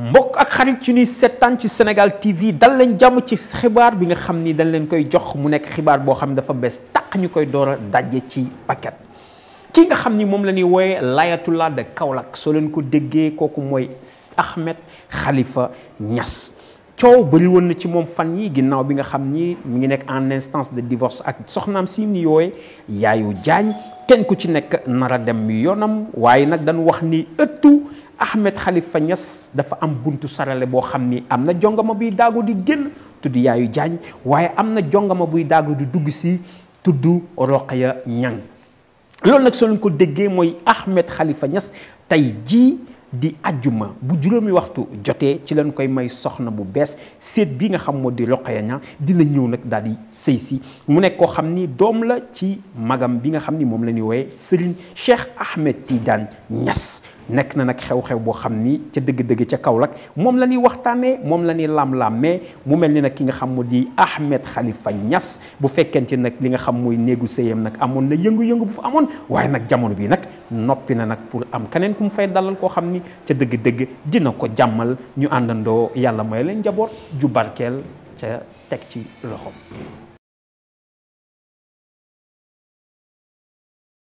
mbokk ak xarit ci ñuy seetaan ci Sénégal TV dal leen jàmm ci xibaar bi nga xam ni dañ leen koy jox mu nekk xibaar boo xam ne dafa bees tàq ñu koy door a ci paquet ki nga xam ni moom la ñuy wooyee Layatoullah de Kaolack soo leen ko déggee kooku mooy Ahmed xalifa ñas coow bëri na ci moom fan yi ginnaaw bi nga xam ni mu ngi nekk en instance de divorce ak soxnaam si ni yooye Yaayu jaañ kenn ko ci nekk nar a dem yoonam waaye nag dañu wax ni ëttu. ahmed khalifa ñas dafa am buntu sarale bo xamni amna am na jongama buy dagu di genn tudd yaayu jaañ waye am na jongama buy dagu di dugg si tuddu roqaya ñang loolu nag soo ko déggee moy ahmed khalifa ñas tay ji di ajuma bu juróomi waxtu joté ci lañ koy may soxna bu bes set bi nga xam mo di roqaya ña dina ñew nak dal di sëy mu nek ko xamni dom la ci magam bi nga xamni ni moom la ñuy wooye cheikh ahmed tidan nekk na nag xew-xew boo xam ni ca dëgg-dëgg ca kaw Kaolack moom la ñuy waxtaanee moom la ñuy laam-laam mais mu mel ni nag ki nga xam mu di Ahmed Khalifa ñas bu fekkente nag li nga xam muy néegu sëyam nag amoon na yëngu-yëngu bu fa amoon waaye nag jamono bii nag noppi na nag pour am keneen ku mu fay dalal koo xam ni ca dëgg-dëgg dina ko jàmmal ñu àndandoo yàlla may leen njaboot ju barkeel ca teg ci loxoom.